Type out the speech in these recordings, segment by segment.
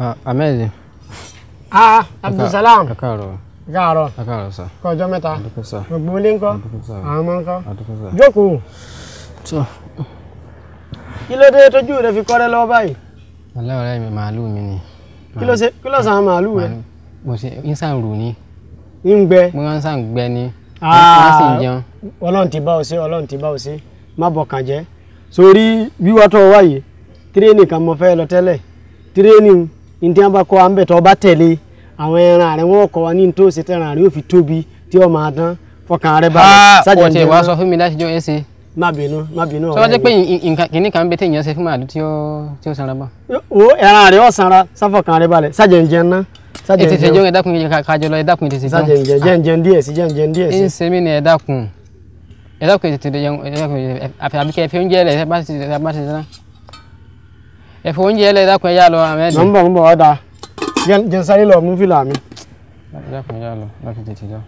Ah, Ahmed. ah Abdulsalam. ẹ káàárọ̀. ẹ káàárọ̀. ẹ káàárọ̀ sà. kọjọ mẹ́ta. àdúgbò sà. gbogbo ilé ńkọ́. àdúgbò sà. àwọn So, kilo àdúgbò sà. jókòó. tó. kí ló dé tójú rẹ fi kọ́rẹ́ lọ́wọ́ báyìí. alẹ́ ọ̀rẹ́ mi màálù mi ni. kí ló ṣe kí ló sàn mo ṣe ń sàn rù ni. ń gbẹ. mo máa ń sàn gbẹ ni. wọ́n ah. sì ń jẹun. ọlọ́run ti bá ọ sí ọlọ́run ti bá ọ sí má bọ̀ kàn jẹ́ sórí wíwá tó wáyé tírénì kan mo fẹ́ lọ tẹ́lẹ̀ tírénì ndí wọn bá kọ́ wa ń bẹ̀ tó bá tẹ̀lé àwọn ẹran rẹ wọn kọ́ wa ní ní tó ṣe tẹ̀ràn rẹ yóò fi tóbi tí ó máa dán fọkàn rẹ balẹ̀ sájà ń jẹun. ọ̀tẹ̀ wàá sọ fún mi láti jọ ẹ ṣe. má bínú má bínú ọ̀rẹ́ mi. sọ́wọ́n jẹ́ pé kìnìún kan ń bẹ tí èèyàn ṣe fún màálù tí ó tí ó sanra bá. o ẹran rẹ ó sanra sáfọkàn rẹ balẹ̀ sájà ń jẹun ná. ètò ìṣèjọ ẹ dákun kájọ lọ ẹ dákun ètò ìṣèjọ. sájà ń jẹun jẹun jẹun díẹ̀ sí jẹun jẹun díẹ̀ sí. ń ṣe mí ni ẹ dákun ẹ dákun ètò ìṣèjọ ẹ dákun àfi àbíkẹ́ fi oúnjẹ rẹ̀ ẹ bá ti ṣe ẹ̀fọ́ oúnjẹ ẹlẹ́ dákun ẹja lọ àmì ẹ̀dẹ̀. nọ́mbà ń bọ̀ da jẹ́ sáré lọ mú fìlà mi. dákun ẹja lọ láti tètè lọ.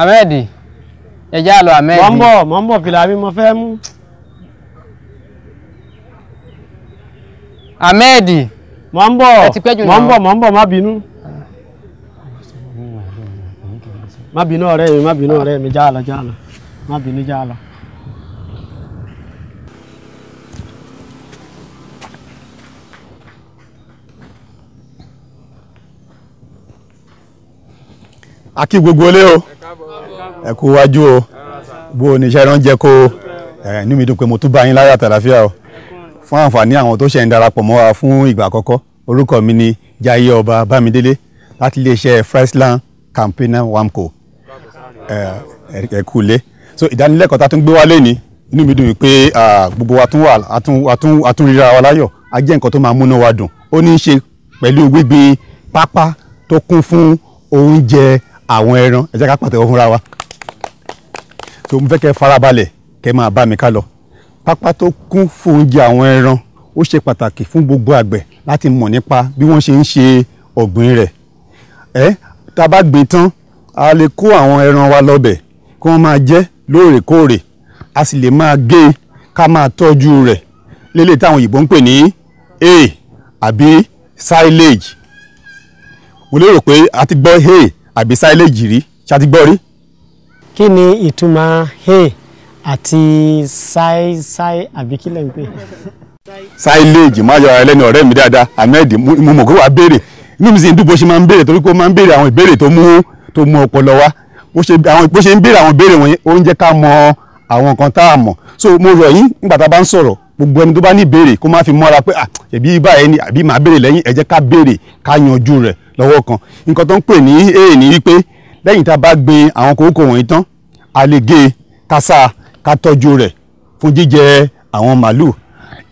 ahmed ẹja lọ ahmed. mọ̀ ń bọ̀ mọ̀ ń bọ̀ fìlà mi mo fẹ́ mú. ahmed. mọ̀ ń bọ̀ mọ̀ ń bọ̀ mọ̀ ń bọ̀ má bínú. má bínú ọ̀rẹ́ mi má bínú ọ̀rẹ́ mi já lọ já lọ má bínú já lọ. a gbogbo ilé o ẹ kú wájú o bó o níṣẹ́ rán jẹ́ kó o inú mi dùn pé mo tún bá yín láyà tàlàfíà o fún àǹfààní àwọn tó ṣe ń darapọ̀ mọ́ wa fún ìgbà àkọ́kọ́ orúkọ mi ni Jaiye Ọba Bámidélé láti iléeṣẹ́ Friesland Campaigner Wamco ẹ kú lé so ìdánilẹ́kọ̀ọ́ ta tún gbé wá lẹ́ni inú mi dùn mí pé gbogbo wa a tún ríra wa láyọ̀ a jẹ́ nǹkan tó máa múná wa dùn ó ní í ṣe pẹ̀lú gbígbin pápá tó kún fún oúnjẹ àwọn ẹran ẹ jẹ́ ká pàtẹ́wọ́ fúnra wa so mo fẹ́ kẹ́ farabalẹ̀ kẹ́ máa bá mi ká lọ pápá tó kún fún oúnjẹ àwọn ẹran ó ṣe pàtàkì fún gbogbo àgbẹ̀ láti mọ̀ nípa bí wọ́n ṣe ń ṣe ọ̀gbìn rẹ̀ ẹ́ tá a bá gbìn tán a lè kó àwọn ẹran wa lọ́bẹ̀ kí wọ́n máa jẹ lóòrèkóòrè a sì lè máa gé e ká máa tọ́jú rẹ̀ lélẹ̀ táwọn òyìnbó ń pè ní hay àbí silage mo lérò pé a ti gbọ́ hay àbí silage rí ṣá ti gbọ́ rí. kí ni ìtumọ̀ hay àti sai-sai àbí kílẹ̀ ń pè. silage má yọ ara lẹ́nu ọ̀rẹ́ mi dáadáa ahmed mo mọ̀ kó wàá béèrè inú mi sì ń dùn ṣe máa ń béèrè torí pé máa ń béèrè àwọn ìbéèrè tó mú tó mú ọpọlọ wá bó ṣe ń béèrè àwọn béèrè wọ̀nyí ó ń jẹ́ ká mọ àwọn nǹkan tá a mọ̀ so mo rọ̀ yín nígbà tá a bá ń sọ̀rọ̀ gbogbo ẹni tó bá ní béèrè kó má fi mọ́ra pé ẹ̀bí báyẹn ni àbí màá béèrè lẹ́yìn ẹ ká béèrè ká yanjú rẹ̀ lọ́wọ́ kan nǹkan tó ń pè ní èè ní wípé lẹ́yìn tá a bá gbin àwọn kòókò wọ̀nyí tán a lè e ká sá a ká tọ́jú rẹ̀ fún jíjẹ àwọn màálù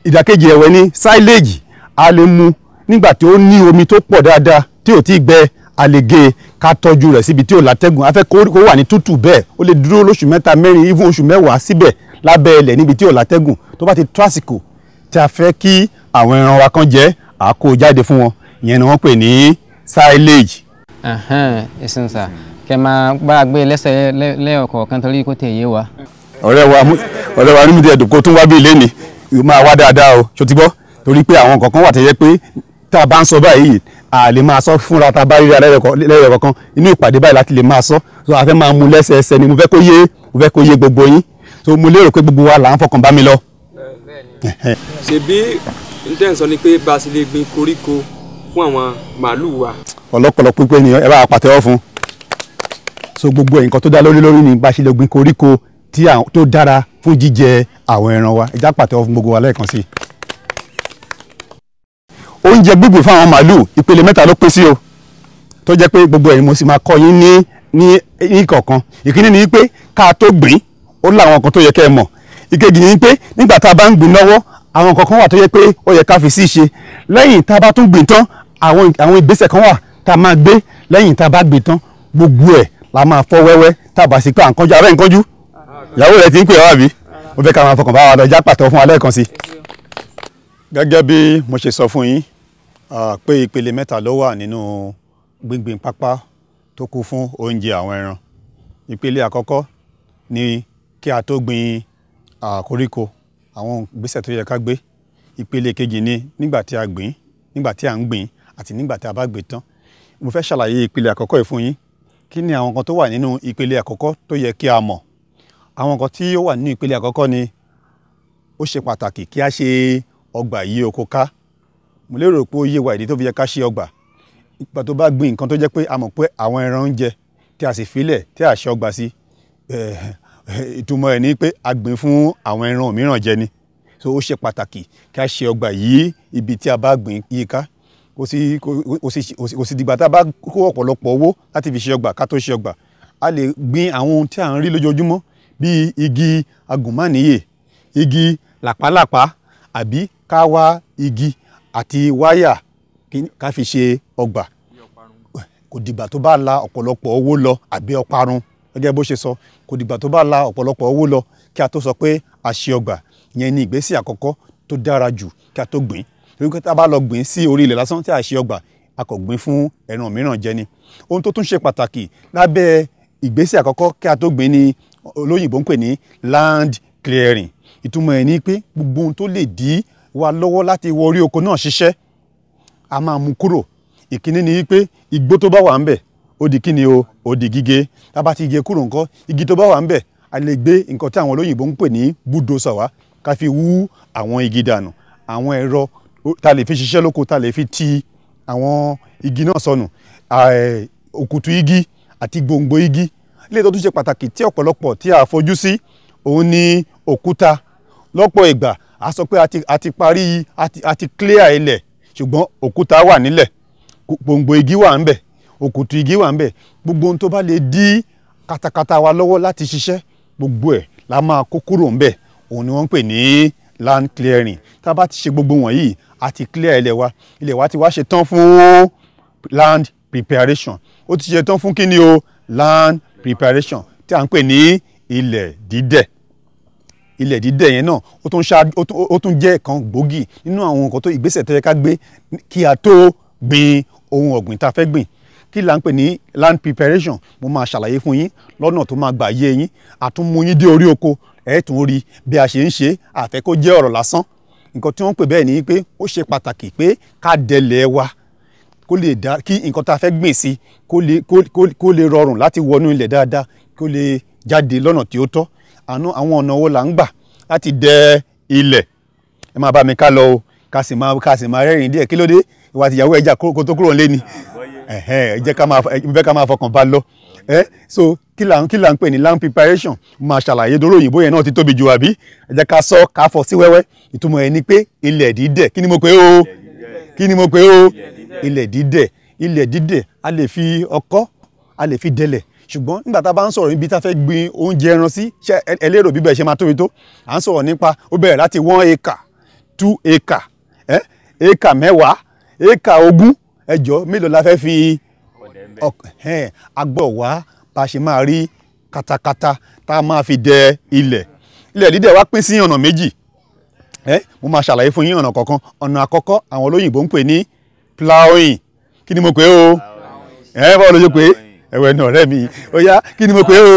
ìdàkejì ẹ̀wẹ̀ ni sáìlèjì a lè mu nígbà tí ó ní omi tó pọ̀ dáadáa tí ò tí gbẹ a lè gé ká tọ́jú rẹ̀ síbi tí ò látẹ́gùn afẹ́ kó wà ní tútù bẹ́ẹ̀ ó lè dúró lóṣù mẹ́ta mẹ́rin even oṣù mẹ́wàá síbẹ̀ lábẹ́ ilẹ̀ níbi tí ò látẹ́gùn tó bá ti tó àsìkò tí a fẹ́ kí àwọn ẹran wa kan jẹ a kó jáde fún wọn ìyẹn ni wọ́n pè ní silage. ẹ̀sìn sà kẹ́ máa bá a gbé lẹ́sẹ̀ lẹ́ọ̀kọ̀ọ̀kan torí kó tẹ̀ yé wa. ọ̀rẹ́ wa ọ̀rẹ́ wa nímú ti ẹ̀dùn kó tún wá bí ilé ni yóò máa wá dáadáa o ṣòtí gbọ́ torí pé àwọn kọ̀ọ̀kan wà tẹ́yẹ pé tá a bá ń sọ báyìí a lè máa sọ fúnra ta bá ríra lẹ́yọ̀ kọ̀ọ̀kan inú ìpàdé báyìí láti lè máa sọ so a fẹ́ máa mú lẹ́sẹẹsẹ ni mo fẹ́ kó yé mo fẹ́ kó yé gbogbo yín so mo lérò pé gbogbo wa là ń fọkàn bá mi lọ. ṣebí n tẹ́ ń sọ ni pé bá a sì lè gbin koríko fún àwọn màálùú wa. ọlọ́kọ̀lọ́ pípé ni ẹ bá a pàtẹ́wọ́ fún so gbogbo nǹkan tó dá lórí lórí ni bá a ṣe lè gbin koríko tó dára fún jíjẹ àwọn ẹran wa ẹ já pàtẹ́wọ́ fún gbogbo wa lẹ́ẹ̀kan sí i oúnjẹ gbígbìn fún àwọn màálù ìpele mẹ́ta ló pín sí o tó jẹ́ pé gbogbo ẹ̀yin mo sì máa kọ́ yín ní ní ìkọ̀ọ̀kan ìkíní ni pé ká tó gbìn ó láwọn nǹkan tó yẹ kẹ́ ẹ mọ̀ ìkejì ni pé nígbà tá a bá ń gbìn lọ́wọ́ àwọn nǹkan kan wà tó yẹ pé ó yẹ ká fi sí ṣe lẹ́yìn tá a bá tún gbìn tán àwọn àwọn ìgbésẹ̀ kan wà tá a máa gbé lẹ́yìn tá a bá gbìn tán gbogbo ẹ̀ la máa fọ́ wẹ́wẹ́ tá a bá sì pé à ń kánjú abẹ́ ń kánjú ìyàwó rẹ̀ ti ń pè ọ́ àbí mo fẹ́ ká máa fọkàn bá wa lọ jápàtọ́ fún alẹ́ kan sí i gẹ́gẹ́ bí mo ṣe sọ fún yín pé ìpele mẹ́ta ló wà nínú gbíngbin pápá tó kú fún oúnjẹ àwọn ẹran ìpele àkọ́kọ́ ni kí a tó gbin àkóríko àwọn ìgbésẹ̀ tó yẹ ká gbé ìpele kejì ni nígbà tí a gbìn nígbà tí a ń gbìn àti nígbà tí a bá gbìn tán mo fẹ́ ṣàlàyé ìpele àkọ́kọ́ yìí fún yín kí ni àwọn kan tó wà nínú ìpele àkọ́kọ́ tó yẹ kí a mọ̀ àwọn kan tí ó wà nínú ìpele àkọ́kọ́ ni ó ṣe pàtàkì kí a ṣe ọgbà yí oko ká mo lérò pé ó yé wa ìdí tó fi yẹ ká ṣe ọgbà ìgbà tó bá gbin nǹkan tó jẹ́ pé a mọ̀ pé àwọn ẹran ń tí a sì filẹ̀ tí a ṣe ọgbà sí eh, ìtumọ̀ ẹ̀ ní pé a gbìn fún àwọn ẹran mìíràn jẹ ni so ó ṣe pàtàkì kí a ṣe ọgbà yí ibi tí a bá gbìn yí ká kò sí kò sí dìgbà tá a bá kó ọ̀pọ̀lọpọ̀ owó láti fi ṣe ọgbà ká tó ṣe ọgbà a lè gbin àwọn ohun tí à ń rí lójoojúmọ́ bíi igi agùnmánìyè igi làpálàpá àbí ká wá igi àti wáyà ká fi ṣe ọgbà kò dìgbà tó bá la ọ̀pọ̀lọpọ̀ owó lọ àbí ọparun gẹ́gẹ́ bó ṣe sọ kò dìgbà tó bá la ọ̀pọ̀lọpọ̀ owó lọ kí a tó sọ pé a ṣe ọgbà yẹn ni ìgbésẹ̀ àkọ́kọ́ tó dára jù kí a tó gbìn torí pé tá a bá lọ gbìn sí orí ilẹ̀ lásán tí a ṣe ọgbà a kò gbìn fún ẹran mìíràn jẹ ni ohun tó tún ṣe pàtàkì lábẹ́ ìgbésẹ̀ àkọ́kọ́ kí a tó gbìn ni olóyìnbó ń pè ní land clearing ìtumọ̀ ẹ̀ ni pé gbogbo ohun tó lè dí wa lọ́wọ́ láti wọ orí oko náà ṣiṣẹ́ a máa mú kúrò ìkíní ni wípé igbó tó bá wà ń bẹ̀ ó di kíni o ó di gígé tá a bá ti gé e kúrò nǹkan igi tó bá wà ń bẹ̀ a lè gbé nǹkan tí àwọn olóyìnbó ń pè ní búdòsà wá ká fi wú àwọn igi dànù àwọn ẹ̀rọ ta lè fi ṣiṣẹ́ lóko ta lè fi ti àwọn igi náà sọnù òkùtù igi àti gbòǹgbò igi ilé tó tún ṣe pàtàkì tí ọ̀pọ̀lọpọ̀ tí a fojú sí òun ni òkúta lọ́pọ̀ ìgbà a sọ pé a ti parí a ti clear ilẹ̀ ṣùgbọ́n òkúta wà nílẹ̀ gbòǹgbò igi wà ń bẹ̀ òkùtù igi wà ń bẹ̀ gbogbo ohun tó bá lè dí katakata wa lọ́wọ́ láti ṣiṣẹ́ gbogbo ẹ̀ la máa kó kúrò ń bẹ̀ òun ni wọ́n ń pè ní land clearing tá a bá ti ṣe gbogbo wọ̀nyí a ti clear ilẹ̀ wa ilẹ̀ wa ti wá ṣe tán fún land preparation ó ti ṣe tán fún kí ni o land preparation tí à ń pè ní ilẹ̀ dídẹ̀ ilẹ̀ dídẹ̀ yẹn náà ó tún ṣá ó tún jẹ́ kan gbòógì nínú àwọn nǹkan tó ìgbésẹ̀ tó yẹ ká gbé kí a tó gbin ohun ọ̀gbìn tá a fẹ́ gbìn kí là ń pè ní land preparation mo máa ṣàlàyé fún yín lọ́nà tó máa gbà yé yín àtúnmú yín dé orí oko ẹ̀ tún bí a ṣe ń ṣe àfẹ́ jẹ́ ọ̀rọ̀ lásán nǹkan tí wọ́n pè bẹ́ẹ̀ ni pé ó ṣe pàtàkì pé ká dẹlẹ̀ wa kó lè dá kí nǹkan tá a fẹ́ gbìn sí kó lè rọrùn láti wọnú ilẹ̀ dáadáa kó lè jáde lọ́nà tí ó tọ́ àwọn ọ̀nà wo là ń gbà láti dẹ ilẹ̀ ẹ máa bá mi ká lọ o ká sì máa ká sì máa rẹ́rìn díẹ̀ kí ló dé ìwà àtìyàwó ẹja kó tó kúrò lẹ́ni jẹ́ ká máa fọkàn bá lọ so kí là ń kí là ń pè ní land preparation máa ṣàlàyé dóró òyìnbó yẹn náà ti tóbi jù àbí ẹ jẹ́ ká sọ ká fọ sí wẹ́wẹ́ ìtumọ̀ ẹ̀ ni pé ilẹ̀ dídẹ̀ kí ni mo pè ó kí ni mo pè ó ilẹ̀ dídẹ̀ ilẹ̀ dídẹ̀ a lè fi ọkọ́ a lè fi dẹlẹ̀ ṣùgbọ́n nígbà tá a bá ń sọ̀rọ̀ níbi tá a fẹ́ gbin oúnjẹ ẹran sí ṣe ẹlẹ́rọ bíbẹ̀ ṣe máa tóbi tó à ń sọ̀rọ̀ nípa ó bẹ̀rẹ̀ láti one acre two acre eh? acre mẹ́wàá acre ogún ẹjọ́ mélòó la fẹ́ fi agbọ̀ wá bá a ṣe máa rí katakata tá a máa fi dẹ ilẹ̀ ilẹ̀ dídẹ̀ wá pín sí ọ̀nà méjì eh? mo máa ṣàlàyé fún yín ọ̀nà kọ̀ọ̀kan ọ̀nà àkọ́kọ́ àwọn olóyìnbó ń pè ní plowing kí ni mo pè é o ẹ bọ́ọ̀lù yóò pè é ẹ̀wẹ̀ náà ọ̀rẹ́ mi ó yá kí ni mo pè ó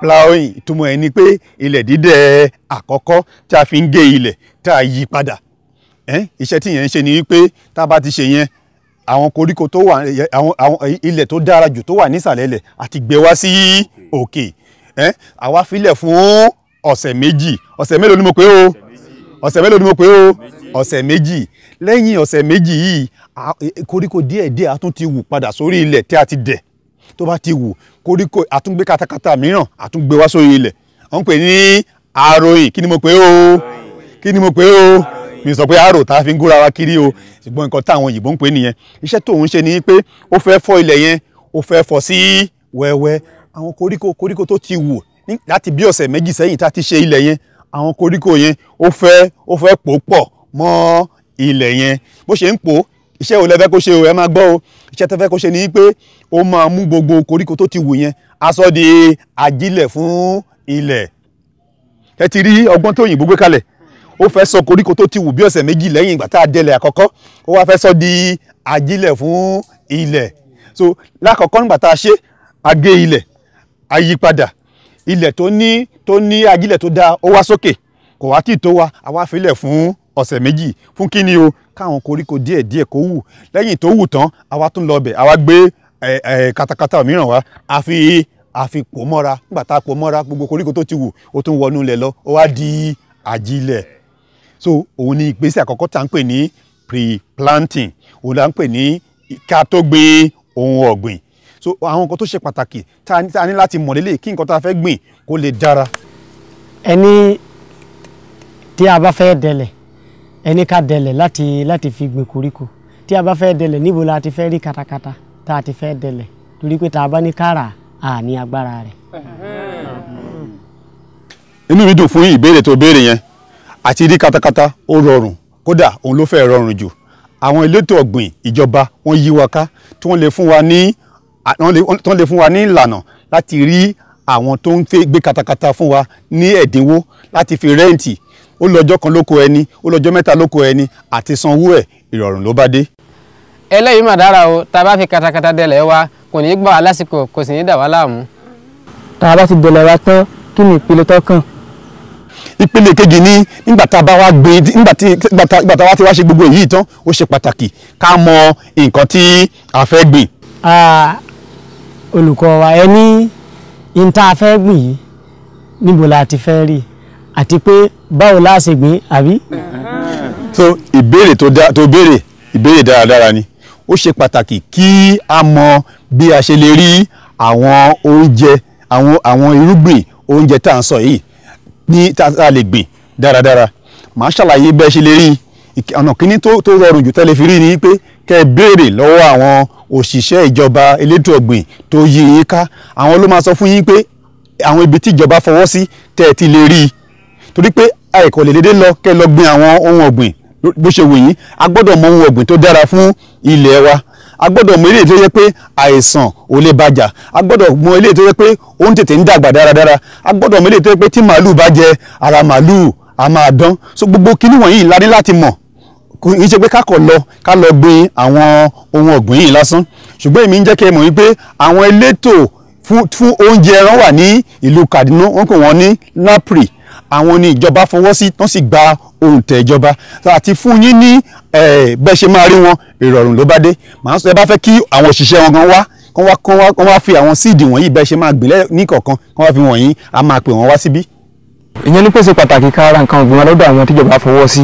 plowing ìtumọ̀ ẹ̀ ni pé ilẹ̀ dídẹ̀ àkọ́kọ́ tí a fi ń gé ilẹ̀ tá a yí padà iṣẹ́ tí yẹn ń ṣe ni wípé tá a bá ti ṣe yẹn àwọn koríko tó wà àwọn ilẹ̀ tó dára jù tó wà nísàlẹ̀ ilẹ̀ àti gbé wá sí òkè àwa filẹ̀ fún ọ̀sẹ̀ méjì ọ̀sẹ̀ mélòó ni mo pè ó ọ̀sẹ̀ mélòó ni mo pè ó ọ̀sẹ̀ méjì lẹ́yìn ọ̀sẹ̀ méjì yìí koríko díẹ̀ a tún ti wù padà sórí ilẹ̀ tí a ti dẹ̀ tó bá ti wù koríko àtúngbé katakata mìíràn àtúngbé wá sórí ilẹ̀ wọ́n ń pè ní àròyìn kí ni mo pè ó kí ni mo pè ó mi sọ pé àrò tá a fi ń gúnra wa kiri o ṣùgbọ́n nǹkan táwọn òyìnbó ń pè nìyẹn iṣẹ́ tóun ṣe ni pé ó fẹ́ fọ́ ilẹ̀ yẹn ó fẹ́ fọ́ sí wẹ́wẹ́ àwọn koríko koríko tó ti wù láti bí ọ̀sẹ̀ méjì sẹ́yìn tá a ti ṣe ilẹ̀ yẹn àwọn koríko yẹn ó fẹ́ ó fẹ́ pò pọ̀ mọ́ ilẹ̀ yẹn bó ṣe ń pò iṣẹ́ ò lẹ́fẹ́ kó ṣe o ẹ máa gbọ́ o iṣẹ́ tẹ́fẹ́ kó ṣe ni pé ó máa mú gbogbo koríko tó ti wù yẹn aṣọ di ajílẹ̀ fún ilẹ̀ ẹ ti rí ọgbọ́n tó yìnbó gbé kalẹ̀ ó fẹ́ sọ koríko tó ti wù bí ọ̀sẹ̀ méjì lẹ́yìn ìgbà tá a délẹ̀ àkọ́kọ́ ó wá fẹ́ sọ di ajílẹ̀ fún ilẹ̀ so lákọ̀ọ́kọ́ nígbà tá a ṣe a gé ilẹ̀ a yí padà ilẹ̀ tó ní tó ní ajílẹ̀ tó dáa ó wá sókè kò wá tì tó wa àwa filẹ̀ fún ọ̀sẹ̀ méjì fún kí ni o káwọn koríko díẹ̀ díẹ̀ kó wù lẹ́yìn tó wù tán àwa tún lọ bẹ̀ àwa gbé katakata mìíràn wá àfi àfi pò mọ́ra nígbà tá a pò mọ́ra gbogbo koríko tó ti wù ó tún wọnú ilẹ̀ lọ ó wá di ajílẹ̀ so òun ni ìgbésẹ̀ àkọ́kọ́ tá à ń pè ní pre-planting òun là ń pè ní ká tó gbé ohun ọ̀gbìn so àwọn nǹkan tó ṣe pàtàkì tá a ní láti mọ̀ lélẹ̀ kí nǹkan tá a fẹ́ gbìn kó lè dára. ẹni tí a bá fẹ́ dẹlẹ̀ ẹni ká dẹlẹ̀ láti láti fi gbìn koríko tí a bá fẹ́ dẹlẹ̀ níbo la ti fẹ́ rí katakata tá a ti fẹ́ dẹlẹ̀ torí pé tá a bá ní kára a ní agbára rẹ̀. inú mi dùn fún ìbéèrè tó béèrè yẹn àti rí katakata ó rọrùn kódà òun ló fẹ́ rọrùn jù àwọn elétò ọ̀gbìn ìjọba wọ́n yí wa ká tí wọ́n lè fún wa ní tí wọ́n lè fún wa ní ìlànà láti rí àwọn tó ń gbé katakata fún wa ní ẹ̀dínwó láti fi rẹ́ǹtì ó lọ́jọ́ kan lóko ẹni ó lọ́jọ́ mẹ́ta lóko ẹni àti sanwó ẹ̀ ìrọ̀rùn ló bá dé. eléyìí mà dára o tá a bá fi katakata dẹlẹ̀ wa kò ní í gbà wá lásìkò kò sì ní í dà wá láàmú. tá a bá ti dẹlẹ̀ wa tán kí ni ìpele tó kàn. ìpele kejì ni nígbà tá a bá wá gbé nígbà tá a wá ti wá ṣe gbogbo èyí tán ó ṣe pàtàkì ká mọ nǹkan tí a fẹ́ gbìn. olùkọ́ wa ẹ ní fẹ́ gbìn yìí níbo la ti fẹ́ rí i àti pé báwo la gbé àbí. so ìbéèrè tó béèrè ìbéèrè dáradára ni ó ṣe pàtàkì kí a mọ bí a ṣe lè rí àwọn oúnjẹ àwọn àwọn irúgbìn oúnjẹ tá à ń sọ yìí ní tá a lè gbìn dáradára màá ṣàlàyé bẹ́ẹ̀ ṣe lè rí ọ̀nà kínní tó rọrùn jù tẹ́lẹ̀ fi rí ni pé kẹ́ ẹ béèrè lọ́wọ́ àwọn òṣìṣẹ́ ìjọba elétò ọ̀gbìn tó yí yín ká àwọn ló máa sọ fún yín pé àwọn ibi tí ìjọba fọwọ́ sí tẹ́ ẹ ti lè rí i torí pé àìkọ̀ lè dédé lọ kẹ́ lọ gbin àwọn ohun ọ̀gbìn bó ṣe wù yín a gbọ́dọ̀ mọ ohun ọ̀gbìn tó dára fún ilẹ̀ wa a gbọ́dọ̀ mọ eléyìí tó yẹ pé àìsàn ò lè bàjà a gbọ́dọ̀ mọ eléyìí tó yẹ pé ó ń tètè ń dàgbà dáradára a gbọ́dọ̀ mọ eléyìí tó yẹ pé tí màálù bá jẹ ara màálù a máa dán so gbogbo kinní wọ̀nyí la ní láti mọ̀ kò ń ṣe pé ká kọ̀ lọ ká lọ gbin àwọn ohun ọ̀gbìn yìí lásán ṣùgbọ́n èmi ń jẹ́ kí ẹ mọ̀ wípé àwọn elétò fún oúnjẹ ẹran wà ní ìlú Kaduna wọ́n kò wọ́n ní napri àwọn ni ìjọba fọwọ́ sí tán sì gba òǹtẹ̀ ìjọba àti fún yín ní bẹ́ẹ̀ ṣe máa rí wọn ìrọ̀rùn ló bá dé màá sọ ẹ bá fẹ́ kí àwọn òṣìṣẹ́ wọn gan wá kán wá kán wá kán wá fi àwọn síìdì wọ̀nyí bẹ́ẹ̀ ṣe máa gbìn ní kọ̀ọ̀kan kán wá fi wọ̀nyí a máa pè wọ́n wá síbí. ìyẹn ní pèsè pàtàkì ká ra nǹkan ọ̀gbìn wa lọ́dọ̀ àwọn tíjọba fọwọ́ sí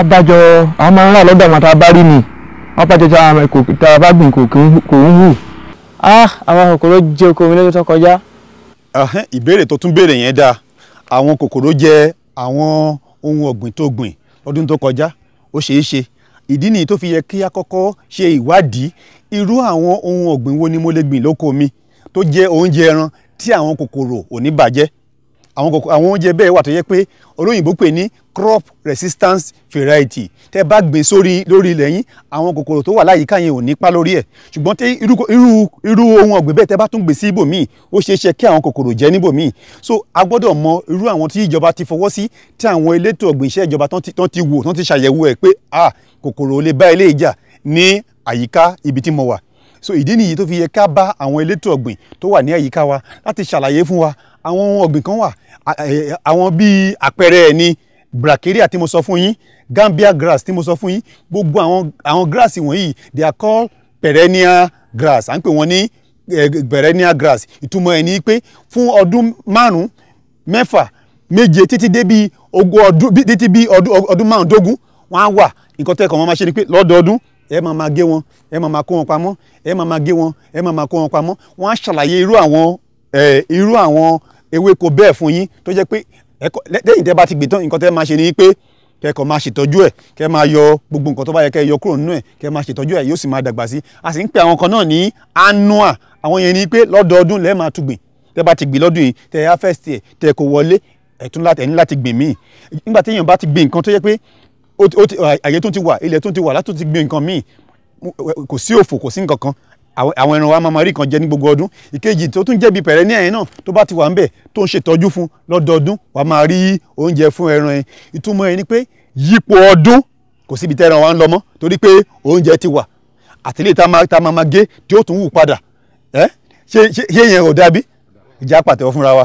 abájọ àwọn máa ń rà lọ́dọ̀ àwọn tá a bá rí ni wọ́n tá a bá gbìn kò ń hù. ah àwọn kòkòrò jẹ okòwò nílé tó kọjá. ìbéèrè tó tún béèrè yẹn dáa àwọn kòkòrò jẹ àwọn ohun ọ̀gbìn tó gbìn lọ́dún tó kọjá ó ṣeé ṣe ìdí nìyí tó fi yẹ kí a kọ́kọ́ ṣe ìwádìí irú àwọn ohun ọ̀gbìn wo ni mo lè gbìn lóko mi tó jẹ́ oúnjẹ ẹran tí àwọn kòkòrò ò ní bàjẹ́ àwọn kòkó àwọn oúnjẹ bẹ́ẹ̀ wà tó yẹ pé olóyìnbó pè ní crop resistance variety tẹ́ bá gbìn sórí lórí ilẹ̀ yín àwọn kòkòrò tó wà láyìíká yẹn ò nípa lórí ẹ̀ ṣùgbọ́n tí irú irú ohun ọ̀gbìn bẹ́ẹ̀ tẹ́ bá tún gbìn sí ibòmíì ó ṣeé ṣe kí àwọn kòkòrò jẹ́ níbòmíì so a gbọ́dọ̀ mọ irú àwọn tí ìjọba ti fọwọ́ sí tí àwọn elétò ọ̀gbìn iṣẹ́ ìjọba tán ti wò tán ti ṣàyẹ̀wò ẹ̀ pé ah kòkòrò ò lè bá ilé ìjà ní àyíká ibi tí mo wà so ìdí nìyí tó fi yẹ ká bá àwọn elétò ọ̀gbìn tó wà ní àyíká wa láti ṣàlàyé fún wa àwọn ohun ọ̀gbìn kan wà àwọn bíi àpẹẹrẹ ẹ̀ ni bracharia tí mo sọ fún yín gambia grass tí mo sọ fún yín gbogbo àwọn grass wọ̀nyí they are called perennial grass à ń pè wọ́n ní perennial grass ìtumọ̀ ẹ̀ ni pé fún ọdún márùn-ún mẹ́fà méje títí dé bí ogún ọdún títí bí ọdún márùndógún wọn á wà nǹkan tẹ́ kàn máa ṣe ni pé lọ́dọọdún ẹ máa máa gé wọn ẹ máa máa kó wọn pamọ́ ẹ máa máa gé wọn ẹ máa máa kó wọn pamọ́ wọn á ṣàlàyé irú àwọn irú àwọn ewéko bẹ́ẹ̀ fún yín tó jẹ́ pé lẹ́yìn tẹ́ bá ti gbìn tán nǹkan tẹ́ máa ṣe ni pé kẹ́kọ̀ọ́ máa ṣètọ́jú ẹ̀ kẹ́ máa yọ gbogbo nǹkan tó bá yẹ kẹ́ yọ kúrò nínú ẹ̀ kẹ́ máa ṣètọ́jú ẹ̀ yóò sì máa dàgbà sí a sì ń pe àwọn kan náà ní anua àwọn yẹn ni pé lọ́dọọdún lẹ́ẹ̀ máa tún tẹ́ bá ti gbìn lọ́dún yìí tẹ́ ẹ harvest ẹ̀ tẹ́ kò wọlé ẹ̀tún láti láti gbìn míì nígbà tí bá ti gbìn nǹkan tó yẹ pé àyè tó ti wà ilẹ̀ tó ti wà látò ti gbìn nǹkan míì kò sí òfò kò sí nǹkan kan àwọn ẹran wa máa rí kan jẹ ní gbogbo ọdún ìkejì tó tún jẹ́bi pẹ̀rẹ́ ní ẹ̀yìn náà tó bá ti wà ń bẹ̀ tó ń ṣètọ́jú fún lọ́dọọdún wa máa rí oúnjẹ fún ẹran ẹ̀ ìtumọ̀ ẹ̀ ni pé yípo ọdún kò síbi tẹ́ran wa ń lọ mọ́ torí pé oúnjẹ ti wà àtìlẹ́ tá a máa máa gé tí ó tún wù padà ẹ́ ṣé ṣé yẹn ò dàbí ìjà pàtẹ́wọ́ fúnra wa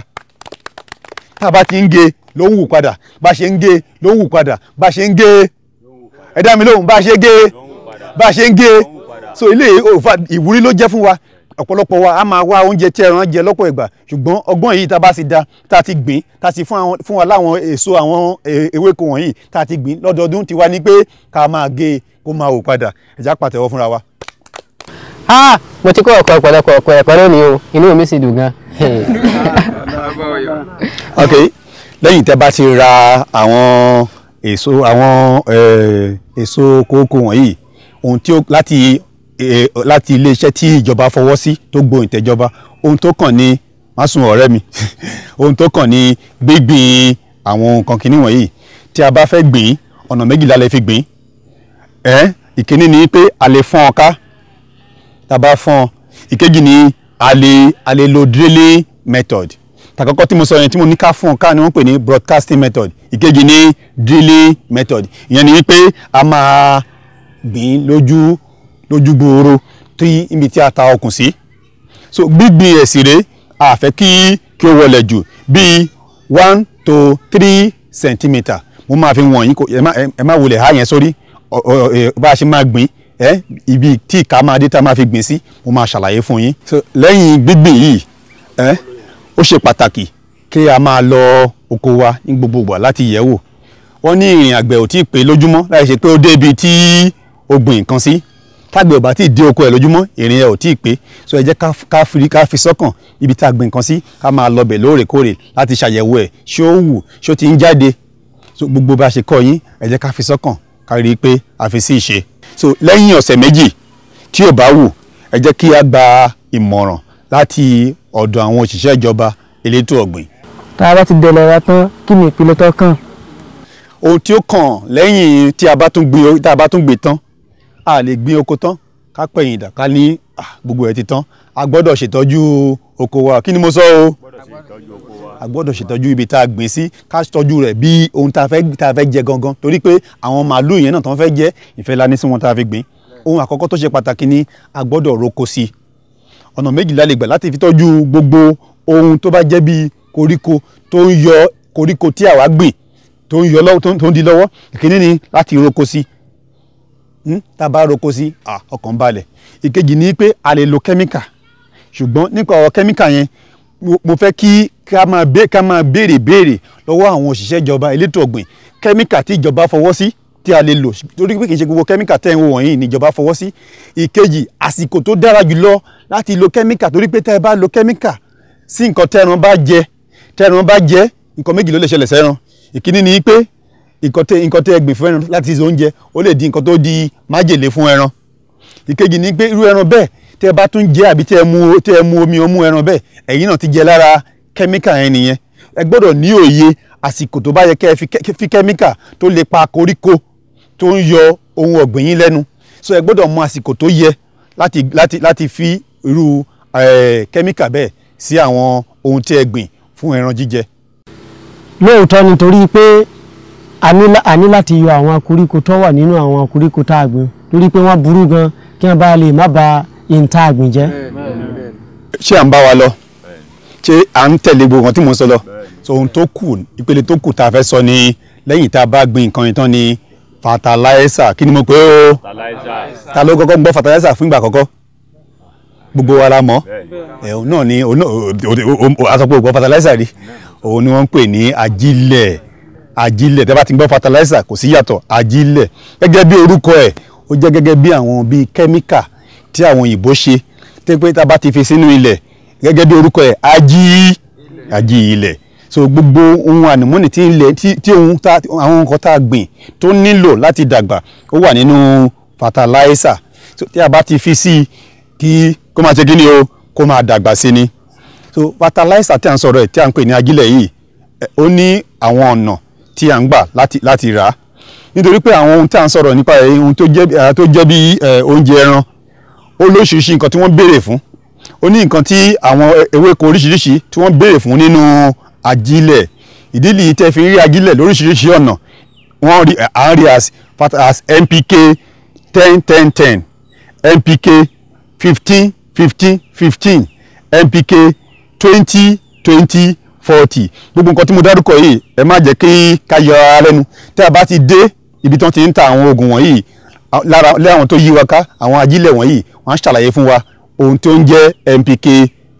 tá a bá ti ń gé ló ń wù padà bá ṣe ń gé ló ń wù padà bá ṣe ń gé ẹ dá mi lóhùn bá ṣe gé bá ṣe ń gé so ilé oh, ìwúrí ló jẹ́ fún wa ọ̀pọ̀lọpọ̀ wa a máa wá oúnjẹ tí ẹran jẹ lọ́pọ̀ ìgbà ṣùgbọ́n ọgbọ́n yìí tá a bá ti da tá a ti gbìn tá a ti fún wa láwọn èso àwọn e, ewéko wọ̀nyí tá a ti gbìn lọ́dọọdún ti wá ní pé ká máa gé e kó máa wò padà ẹ̀já pàtẹ́wọ́ fúnra wa. Ah, mo ti kọ́ ọ̀pọ̀ ọ̀pọ̀lọpọ̀ ọ̀pọ̀ ẹ̀kọ́ lónìí o inú mi sì dùn gan. ok lẹ́yìn tẹ́ bá ti ra àwọn èso àwọn e, èso kòókò wọ̀nyí ohun tí ó láti E, láti iléeṣẹ́ tí ìjọba fọwọ́ sí tó gbohùn ìtẹ̀jọba ohun tó kàn ní másùn ọ̀rẹ́ mi ohun tó kàn ní gbígbìn àwọn nǹkan kìíní wọ̀nyí tí a bá fẹ́ gbìn ọ̀nà méjìlá lè fi gbìn ẹ́ ìkíní ni pé a lè fọ́n ọ ká tá a bá fọ́n ìkejì ni a lè a lè lo drilling method tàkọ́kọ́ tí mo sọ yẹn tí mo ní ká fọ́n ọ ni wọ́n pè ní broadcasting method ìkejì ni drilling method ìyẹn ni wípé a máa gbìn lójú lójú gbòòrò tí ibi tí a ta ọkùn sí so gbígbin ẹ̀sìn rèé a fẹ́ kí kí ó wọlé jù bíi one to three centimeter mo máa fi wọ̀nyí kò ẹ má wulẹ̀ há yẹn sórí bá a ṣe máa gbìn ẹ ibi tí ìka máa dé tá a máa fi gbìn sí mo máa ṣàlàyé fún yín. so lẹ́yìn gbígbìn yìí ẹ ó ṣe pàtàkì kí a máa lọ oko wa ní gbogbo ìgbà láti yẹ̀ wò wọ́n ní ìrìn àgbẹ̀ ò tí ì pé lójúmọ́ láì ṣe pé ó dé tí ó gbìn nǹkan sí tágbẹ̀ ò bá tí ì dé oko ẹ̀ lójúmọ́ ìrìn ẹ̀ ò tí ì pé so ẹ jẹ́ ká fi ká fi sọ́kàn ibi tá a gbìn nǹkan sí ká máa lọbẹ̀ lóòrèkóòrè láti ṣàyẹ̀wò ẹ̀ ṣé ó wù ṣé ó ti ń jáde so gbogbo bá a ṣe kọ́ yín ẹ jẹ́ ká fi sọ́kàn ká rí i pé a fi sí ìṣe so lẹ́yìn ọ̀sẹ̀ méjì tí ò bá wù ẹ jẹ́ kí a gba ìmọ̀ràn láti ọ̀dọ̀ àwọn òṣìṣẹ́ ìjọba elétò ọ̀gbìn. tá a bá ti dẹ̀lẹ̀ ra tán kí ni ìpìlẹ̀ tó kàn. ohun tí ó kàn lẹ́yìn tí a bá tún gbé tán a lè gbin oko tán ká pẹ̀yìn dà ká ní gbogbo ẹ̀ ti tán a gbọ́dọ̀ ṣètọ́jú oko wa kí ni mo sọ o a gbọ́dọ̀ ṣètọ́jú ibi tá a gbìn sí ká tọ́jú rẹ̀ bí ohun tá a fẹ́ jẹ gangan torí pé àwọn màálù yẹn náà tán fẹ́ jẹ ìfẹ́ la ní sí wọn tá a fi gbìn ohun àkọ́kọ́ tó ṣe pàtàkì ni a gbọ́dọ̀ roko sí ọ̀nà méjìlá lè gbà láti fi tọ́jú gbogbo ohun tó bá jẹ́ bíi koríko tó ń yọ koríko tí àwa gbìn tó ń yọ tó ń di lọ́wọ́ ìkíní ni láti roko sí Hmm? tá a bá roko sí ọkàn balẹ̀ ìkejì ni pé a lè lo kẹ́míkà ṣùgbọ́n nípa ọ̀rọ̀ kẹ́míkà yẹn mo fẹ́ kí ká máa bé ká máa béèrè béèrè lọ́wọ́ àwọn òṣìṣẹ́ ìjọba elétò ọ̀gbìn kẹ́míkà tí ìjọba fọwọ́ sí tí a lè lò torí pé kì í ṣe gbogbo kẹ́míkà tẹ́ ń wò wọ̀nyí níjọba fọwọ́ sí ìkejì àsìkò tó dára jùlọ láti lo kẹ́míkà torí pé tẹ́ ẹ bá lo kẹ́míkà sí nǹkan tẹ́ran bá jẹ tẹ́ran bá jẹ nǹkan méjì ló lè ṣẹlẹ̀ sẹ́ran ìkíní ni pé nǹkan tẹ nǹkan tẹ gbè fún ẹran láti ṣe oúnjẹ ó lè di nǹkan tó di májèlé fún ẹran ìkejì ni pé irú ẹran bẹ́ẹ̀ tẹ bá tún jẹ àbí tẹ mu tẹ mu omi ọmú ẹran bẹ́ẹ̀ ẹ̀yin náà ti jẹ lára kẹ́míkà yẹn nìyẹn ẹ gbọ́dọ̀ ní òye àsìkò tó bá yẹ kẹ́ ẹ fi kẹ́míkà tó lè pa koríko tó ń yọ ohun ọ̀gbìn yín lẹ́nu so ẹ gbọ́dọ̀ mọ àsìkò tó yẹ láti láti láti fi irú kẹ́míkà bẹ́ẹ̀ sí àwọn ohun tí ẹ gbìn fún ẹran jíjẹ. lóòótọ́ nítorí pé a ní láti yọ àwọn koríko tó wà nínú àwọn koríko tá a gbìn lórí pé wọ́n burú gan kí wọ́n bá lè má ba ìta àgbìn jẹ́. ṣé à ń bá wa lọ ṣé à ń tẹ̀lé gbogbo nǹkan tí mo sọ lọ ohun tó kù ìpele tó kù tá a fẹ́ sọ ni lẹ́yìn tá a bá gbìn nǹkan ìtàn ni fatalaisa kí ni mo pè ó ta ló kọ́kọ́ ń gbọ́ fatalaisa fún ìgbà àkọ́kọ́ gbogbo wa la ẹ̀hún náà ni a sọ pé ó gbọ́ fatalaisa rí òun ni wọ́n ń pè ní ajílẹ̀ ajílẹ̀ tẹ́ bá ti gbọ́ fertilizer kò sí yàtọ̀ ajílẹ̀ gẹ́gẹ́ bí orúkọ ẹ̀ ó jẹ́ gẹ́gẹ́ bí àwọn bíi kẹ́míkà tí àwọn òyìnbó ṣe tẹ́ pé tá a bá ti fi sínú ilẹ̀ gẹ́gẹ́ bí orúkọ ẹ̀ ají ají ilẹ̀ so gbogbo ohun ànìmọ́nì tí ilẹ̀ tí ohun tá àwọn nǹkan tá a gbìn tó nílò láti dàgbà ó wà nínú fertilizer so tí a bá ti fi sí kí kó máa ṣe kí ni o kó máa dàgbà sí ni so fertilizer tí a ń sọ̀rọ̀ ẹ̀ tí a ń pè ní ajílẹ̀ yìí ó ní àwọn ọ̀nà tí à ń gbà láti láti rà á nítorí pé àwọn ohun tí à ń sọ̀rọ̀ nípa ẹ̀ ohun tó jẹ́ tó jẹ́ bí oúnjẹ ẹran ó lóṣìṣì nǹkan tí wọ́n béèrè fún ó ní nǹkan tí àwọn ewéko oríṣiríṣi tí wọ́n béèrè fún nínú ajílẹ̀ ìdílé yìí tẹ́ fi rí ajílẹ̀ lóríṣiríṣi ọ̀nà wọ́n rí à as as NPK ten ten ten NPK fifteen fifteen fifteen NPK twenty twenty forty gbogbo nǹkan tí mo dárúkọ yìí ẹ má jẹ́ kí ká yọ ara lẹ́nu tí a bá ti dé ibi tí wọ́n ti ń ta àwọn oògùn wọ̀nyí lára lẹ́wọ̀n tó yí wa ká àwọn ajílẹ̀ wọ̀nyí wọ́n á ṣàlàyé fún wa ohun tó ń jẹ́ NPK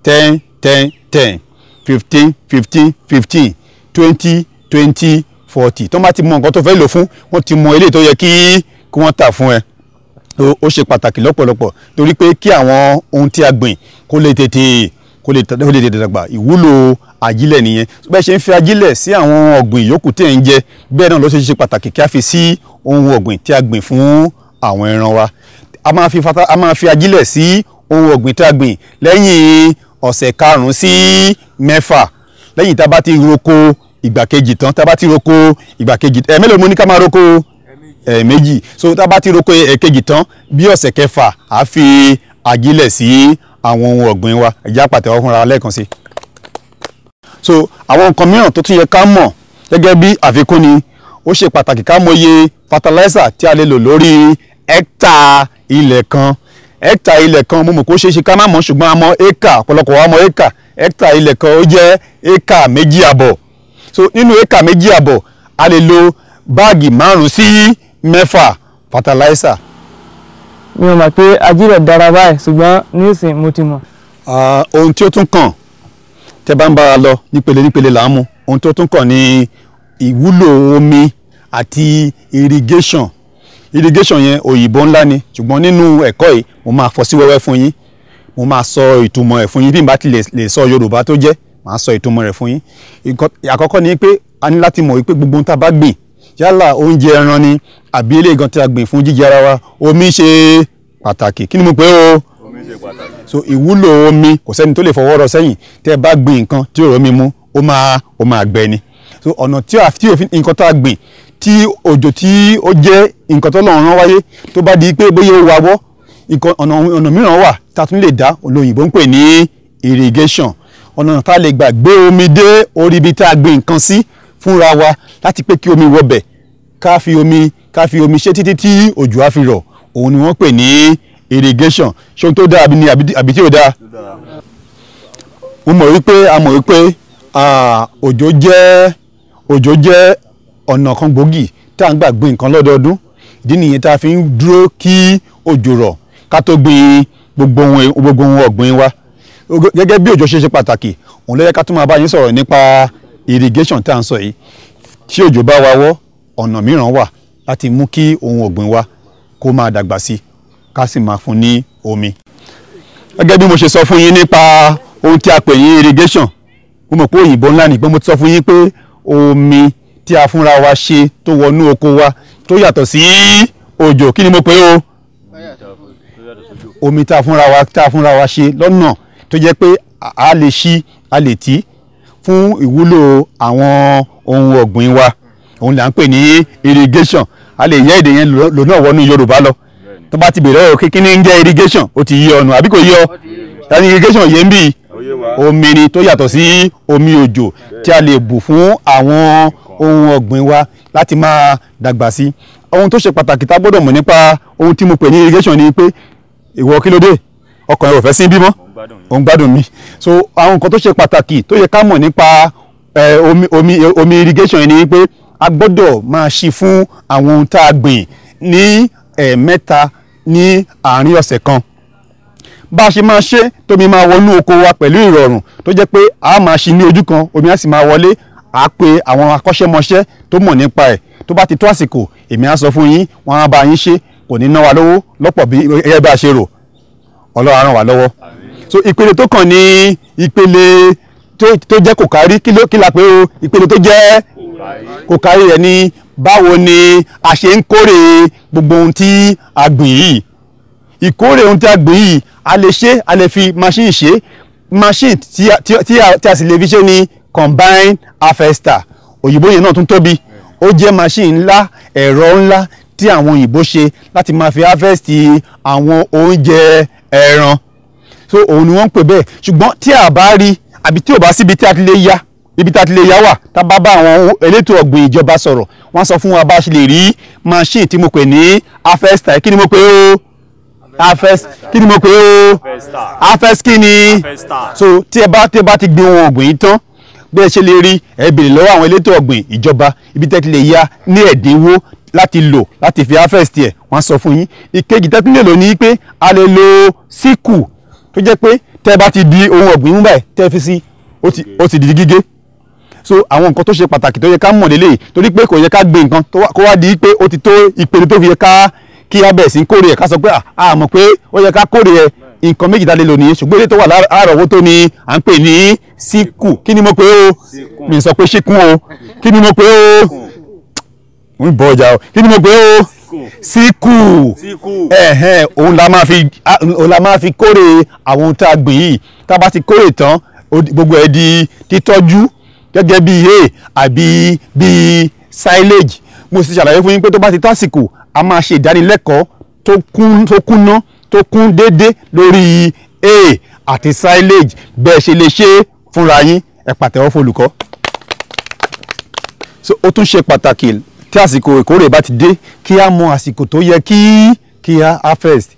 ten ten ten fifteen fifteen fifteen twenty twenty forty tó má ti mọ nǹkan tó fẹ́ lò fún wọ́n ti mọ eléyìí tó yẹ kí kí wọ́n tà fún ẹ ó ṣe pàtàkì lọ́pọ̀lọpọ̀ torí pé kí àwọn ohun tí a gbìn kó lè tètè kó lè tètè dàgbà ìwúlò ajílẹ̀ nìyẹn bẹ́ẹ̀ ṣe ń fi ajílẹ̀ sí àwọn ohun ọ̀gbìn yòókù tí ẹ̀ ń jẹ bẹ́ẹ̀ náà ló ṣe ṣe pàtàkì kí a fi sí ohun ọ̀gbìn tí a gbìn fún àwọn ẹran wa a máa fi fata a máa fi ajílẹ̀ sí ohun ọ̀gbìn tí a gbìn lẹ́yìn ọ̀sẹ̀ karùn-ún sí mẹ́fà lẹ́yìn tá a bá ti roko ìgbà kejì tán tá a bá ti roko ìgbà kejì ẹ̀ mélòó mo ní ká máa roko ẹ̀ẹ̀mejì so tá a bá ti roko ẹ̀ẹ̀kejì tán bí ọ̀sẹ̀ kẹfà á fi ajílẹ̀ sí àwọn ohun ọ̀gbìn wa ẹ̀já pàtẹ́wọ́ fúnra lẹ́ẹ̀kan sí i so àwọn nǹkan mìíràn tó tún yẹ ká mọ̀ gẹ́gẹ́ bí àfikún ni ó ṣe pàtàkì ká mọye fertilizer tí a lè lò lórí hectare ilẹ̀ kan hectare ilẹ̀ kan mo mọ̀ kó ṣeé ká má mọ̀ ṣùgbọ́n a mọ̀ éka ọ̀pọ̀lọpọ̀ wa mọ̀ éka hectare ilẹ̀ kan ó jẹ́ éka méjì àbọ̀ so nínú éka méjì àbọ̀ a lè lo báàgì márùn-ún sí mẹ́fà fertilizer. mi ò mọ̀ pé ajílẹ̀ dára báyìí ṣùgbọ́n nísìnyí mo ti mọ̀. ohun tí ó tún kàn tẹ́ bá ń bára lọ nípele nípele là ń mu ohun tó tún kàn ní ìwúlò omi àti irrigation irrigation yẹn òyìnbó ńlá ni ṣùgbọ́n nínú ẹ̀kọ́ yìí mo máa fọ́ sí wẹ́wẹ́ fún yín mo máa sọ ìtumọ̀ ẹ̀ fún yín bí n bá ti lè sọ Yorùbá tó jẹ́ màá sọ ìtumọ̀ rẹ̀ fún yín àkọ́kọ́ ni pé a ní láti mọ̀ wípé gbogbo ohun tá a bá gbìn yálà oúnjẹ ẹran ni àbí eléyìí gan tí a gbìn fún jíjẹ ara wa omi ṣe pàtàkì kí ni mo pè é o so ìwúlò omi kò sẹ́ni tó lè fọwọ́ rọ sẹ́yìn tẹ́ ẹ bá gbin nǹkan tí òrò mi mú ó máa ó máa gbẹ ni so ọ̀nà tí òfin nǹkan tó a gbìn tí òjò tí ó jẹ́ nǹkan tó lọ́run rán wáyé tó bá di pé bóyá ó wawọ́ ọ̀nà mìíràn wà tá a tún lè dá olóyìnbó ń pè ní irrigation ọ̀nà tá a lè gbà gbé omi dé orí ibi tá a gbin nǹkan sí fúnra wa láti pé kí omi wọbẹ̀ ká fi omi ká fi omi ṣe títí tí òjò á fi rọ̀ òun ni wọ́n pè ní irrigation irrigation ṣohun tó dáa ni àbí tí ò dáa. mo mọ̀ wípé a mọ̀ wípé òjò jẹ́ òjò jẹ́ ọ̀nà kan gbòógì tá à ń gbà gbin nǹkan lọ́dọọdún ìdí nìyẹn tá a fi ń dúró kí òjò rọ̀ ká tó gbin gbogbo ohun ọ̀gbìn wa gẹ́gẹ́ bí òjò ṣe ṣe pàtàkì òun ló ká tún máa bá yín sọ̀rọ̀ nípa irrigation tá à ń sọ yìí tí òjò bá wa wọ́ ọ̀nà mìíràn wà láti mú kí ohun ọ̀gbìn wa kó máa dàgbà sí i ká sì máa fún ní omi. gẹ́gẹ́ bí mo ṣe sọ fún yín nípa ohun tí a pè ní irrigation mo mọ̀ pé òyìnbó ńlá nìgbọ́n mo ti sọ fún yín pé omi tí a fúnra wa ṣe tó wọnú oko wa tó yàtọ̀ sí òjò kí ni mo pè o omi tá a fúnra wa tá a fúnra wa ṣe lọ́nà tó jẹ́ pé a lè ṣí a lè tí fún ìwúlò àwọn ohun ọ̀gbìn wa òun là ń pè ní irrigation a lè yẹ èdè yẹn lò náà wọnú Yorùbá lọ tó bá ti bèrè ọ̀rọ̀ kíkíní ń jẹ́ irrigation ó ti yí ọ̀nà àbí kò yí ọ tani irrigation yé ń bì omi ni tó yàtọ̀ sí omi òjò tí a lè bù fún àwọn ohun ọ̀gbìn wa láti máa dàgbà sí ohun tó ṣe pàtàkì tá gbọ́dọ̀ mọ̀ nípa ohun tí mo pè ní irrigation ni pé ìwọ kí ló dé ọkàn ẹ ò fẹ́ sí bímọ òun gbádùn mi so àwọn nǹkan tó ṣe pàtàkì tó yẹ ká mọ̀ nípa omi omi omi irrigation ni pé a gbọ́dọ̀ máa ṣí fún àwọn ohun tá a gbìn ní ẹ̀ẹ̀mẹ́ta eh, ní àárín ọ̀sẹ̀ kan bá a ṣe máa ṣe tómi máa wọnú oko wa pẹ̀lú ìrọ̀rùn tó jẹ́ pé a máa ṣí ní ojú kan omi á sì máa wọlé a pe àwọn akọ́ṣẹ́mọṣẹ́ tó mọ̀ nípa ẹ̀ tó bá ti tó àsìkò èmi á sọ fún yín wọn á bá yín ṣe kò ní ná wa lówó lọ́pọ̀ bí ẹ bá a ṣe rò ọlọ́run ràn wá lọ́wọ́ so ìpele tó kàn ní ìpele tó jẹ́ kò kí la pé o ìpele tó jẹ́ kò rẹ̀ ni báwo ni a ṣe ń kórè gbogbo ohun tí a gbìn yìí ìkórè ohun tí a gbìn yìí a lè ṣe a lè fi machine ṣe machine tí a tí a sì lè fi ṣe ni combine harvester òyìnbó yẹn náà tún tóbi ó jẹ́ machine ńlá ẹ̀rọ ńlá tí àwọn òyìnbó ṣe láti máa fi harvest àwọn oúnjẹ ẹran so òun ni wọ́n ń pè bẹ́ẹ̀ ṣùgbọ́n tí a bá rí àbí tí ò bá síbi tí a ti lè ya ibi tá a ti lè yá wà tá a bá bá àwọn elétò ọ̀gbìn ìjọba sọ̀rọ̀ wọ́n sọ fún wa bá a ṣe lè rí machine tí mo pè ní afesta kí ni mo pè ó afest kí ni mo pè ó afest kí ni so tí ẹ bá tí ẹ bá ti gbin ohun ọ̀gbìn yìí tán bẹ́ẹ̀ ṣe lè rí ẹ béèrè lọ́wọ́ àwọn elétò ọ̀gbìn ìjọba ibi tẹ́ ti lè ya ní ẹ̀dínwó láti lò láti fi afest ẹ̀ wọ́n sọ fún yín ìkejì tẹ́ tún lè lò ní pé a lè lo síkù tó jẹ́ pé tẹ́ bá ti di ohun ọ̀gbìn mú báyìí tẹ́ fi sí ó ti di gígé so àwọn nǹkan tó ṣe pàtàkì tó yẹ ká mọ̀ lélẹ̀ torí pé kò yẹ ká gbé nǹkan kó wá di pé ó ti tó ìpele tó fi yẹ ká kí á bẹ̀rẹ̀ sí ń kórè ẹ̀ ká sọ pé a mọ̀ pé ó yẹ ká kórè ẹ̀ nǹkan méjì tá a lè lò nìyẹn ṣùgbọ́n ilé tó wà láàárọ̀wọ́ tó ni à ń pè ní síkù kí ni mo pè ó mi sọ pé síkù o kí ni mo pè ó mo bọ ọjà o kí ni mo pè ó síkù òun la máa fi òun la máa fi kórè àwọn ohun tá a gbìn yìí tá a bá ti kórè tán gbogbo ẹ̀ di títọ́jú gẹ́gẹ́ bí a àbí bí silage mo sì ṣàlàyé fún yín pé tó bá ti tásìkò a máa ṣe ìdánilẹ́kọ̀ọ́ tó kún tó kúnná tó kún déédé lórí a àti silage bẹ́ẹ̀ ṣe lè ṣe fúnra yín ẹ pàtẹ́wọ́ fólùkọ́. so ó tún ṣe pàtàkì tí àsìkò ìkórè bá ti dé kí a mọ àsìkò tó yẹ kí kí a harvest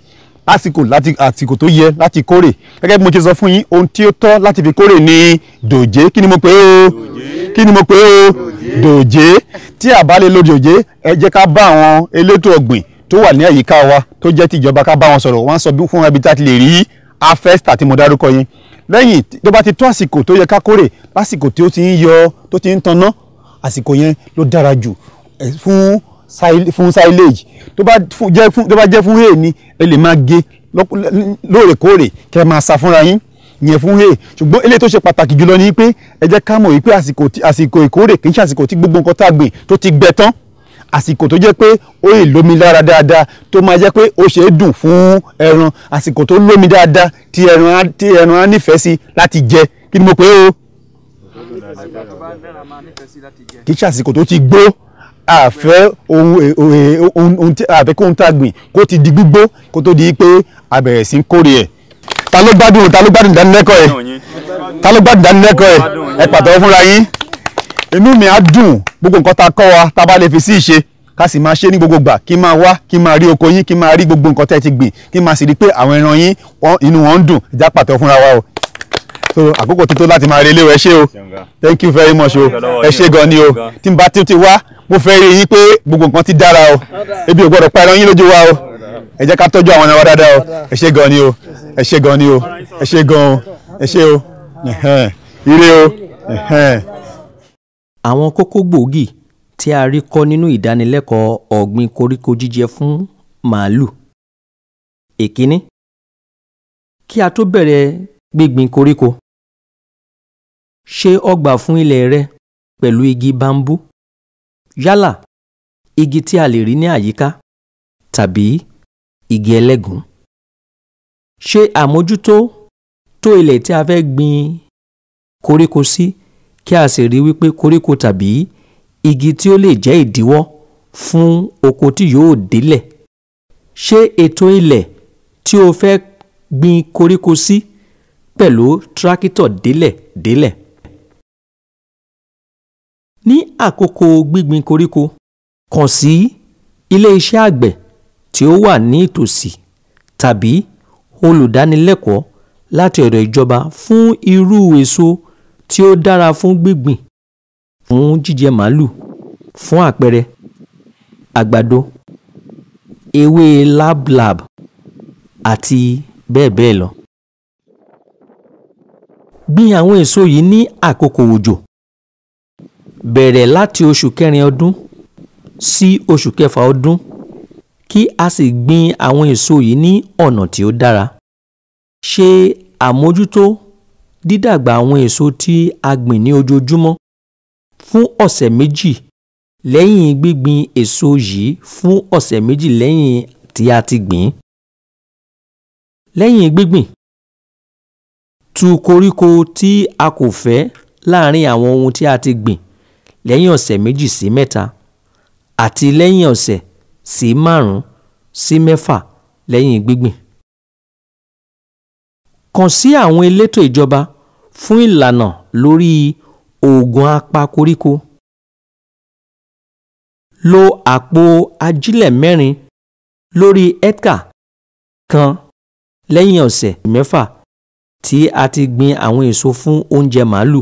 lásìkò láti àsìkò tó yẹ láti kórè gẹ́gẹ́ bí mo ti sọ fún yín ohun tí ó tọ́ láti fi kórè ni dòjé kí ni mo pè é o kí ni mo pè é o dòjé tí a bá lè lo dòjé ẹ jẹ́ ká bá àwọn elétò ọ̀gbìn tó wà ní àyíká wa tó jẹ́ ti ìjọba ká bá wọn sọ̀rọ̀ wọ́n sọ bí fún ẹbí tá a ti lè rí afẹ́sítà tí mo dárúkọ yín lẹ́yìn tó bá ti tó àsìkò tó yẹ ká kórè lásìkò tí ó ti ń yọ tó ti ń tanná àsìkò yẹn ló dára jù fún fún silage tó bá jẹ́ fún hay ni ẹ lè máa gé lóòrèkóòrè kẹ́ ẹ máa sa fúnra yín yẹn fún hay ṣùgbọ́n eléyìí tó ṣe pàtàkì jùlọ ni pé ẹ jẹ́ ká mọ̀ wípé àsìkò ìkórè kì í ṣe àsìkò tí gbogbo nǹkan tá a gbìn tó ti gbẹ tán àsìkò tó jẹ́ pé ó yè lómi lára dáadáa tó máa jẹ́ pé ó ṣe é dùn fún ẹran àsìkò tó lómi dáadáa tí ẹran tí ẹran á nífẹ̀ẹ́ sí láti jẹ kí ni mo pè é o kì í ṣe àsìkò tó ti gbó àfẹ́ ohun àfẹ́ kóhun tá a gbìn kó ti di gbígbó kó tó di pé a bẹ̀rẹ̀ sí í kórè ẹ̀ ta ló gbádùn ta ló gbádùn ìdánilẹ́kọ̀ọ́ ẹ̀ ta ló gbádùn ìdánilẹ́kọ̀ọ́ ẹ̀ ẹ pàtẹ́wọ́ fúnra yín inú mi á dùn gbogbo nǹkan tá a kọ́ wa tá a bá lè fi sí ìṣe ká sì máa ṣe ní gbogbo gbà kí máa wá kí máa rí oko yín kí máa rí gbogbo nǹkan tẹ́ ti gbìn kí máa sì rí pé àwọn ẹran yín inú wọn ń dùn ìjà pàtẹ́wọ́ fúnra wa o so àkókò ti tó láti máa relé o ẹ ṣé o thank you very much o ẹ ṣé gan ni o tí n bá tí ti wá mo fẹ́ rí yín pé gbogbo nǹkan ti dára o ebi ò gbọ́dọ̀ pa ẹran yín lójú wa o ẹ jẹ́ ká tọ́jú àwọn ẹran wa dáadáa o ẹ ṣé gan ni o ẹ ṣé gan ni o ẹ ṣé gan o ẹ ṣé o ire o. àwọn kókó gbòógì tí a rí kọ́ nínú ìdánilẹ́kọ̀ọ́ ọ̀gbìn koríko jíjẹ fún màálù. èkíní kí a tó bẹ̀rẹ̀ gbígbìn koríko ṣe ọgbà fún ilẹ̀ rẹ pẹ̀lú igi bambú yálà igi tí a lè rí ní àyíká tàbí igi ẹlẹ́gùn ṣe àmójútó tó ilẹ̀ tí a fẹ́ gbin koríko sí kí a sì rí wípé koríko tàbí igi tí ó lè jẹ́ ìdíwọ́ fún oko tí yóò délẹ̀ ṣe ètò ilẹ̀ tí o fẹ́ gbin koríko sí pẹ̀lú tírákítọ̀ délẹ̀ délẹ̀ ní àkókò gbígbin koríko kàn sí ilé-iṣẹ́ àgbẹ̀ tí ó wà ní ìtòsí tàbí olùdánilẹ́kọ̀ọ́ láti ọ̀dọ̀ ìjọba fún irú èso tí ó dára fún gbígbìn fún jíjẹ màálù fún àpẹẹrẹ àgbàdo ewé lablab àti bẹ́ẹ̀ bẹ́ẹ̀ lọ. gbin àwọn èso yìí ní àkókò òjò bẹ̀rẹ̀ láti oṣù kẹrin ọdún sí oṣù kẹfà ọdún kí a sì gbin àwọn èso yìí ní ọ̀nà tí ó dára ṣe àmójútó dídàgbà àwọn èso tí a gbìn ní ojoojúmọ́ fún ọ̀sẹ̀ méjì lẹ́yìn gbígbin èso yìí fún ọ̀sẹ̀ méjì lẹ́yìn tí a ti gbìn. lẹ́yìn gbígbìn tu koríko tí a kò fẹ́ láàárín àwọn ohun tí a ti gbìn lẹ́yìn ọ̀sẹ̀ méjì sí mẹ́ta àti lẹ́yìn ọ̀sẹ̀ sí márùn-ún sí mẹ́fà lẹ́yìn gbígbìn. kàn sí àwọn elétò ìjọba fún ìlànà lórí oògùn apakoríko. lo àpò ajílẹ̀ mẹ́rin lórí hectare kan lẹ́yìn ọ̀sẹ̀ mẹ́fà tí a ti gbin àwọn èso fún oúnjẹ màálù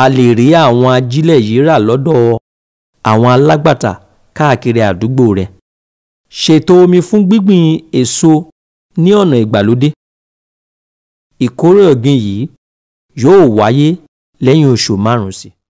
a lè rí àwọn ajílẹ̀ yìí rà lọ́dọ̀ àwọn alágbàtà káàkiri àdúgbò rẹ ṣètò omi fún gbígbìn èso ní ọ̀nà ìgbàlódé ìkórè ọ̀gbìn yìí yóò wáyé lẹ́yìn oṣù márùn-ún sí i.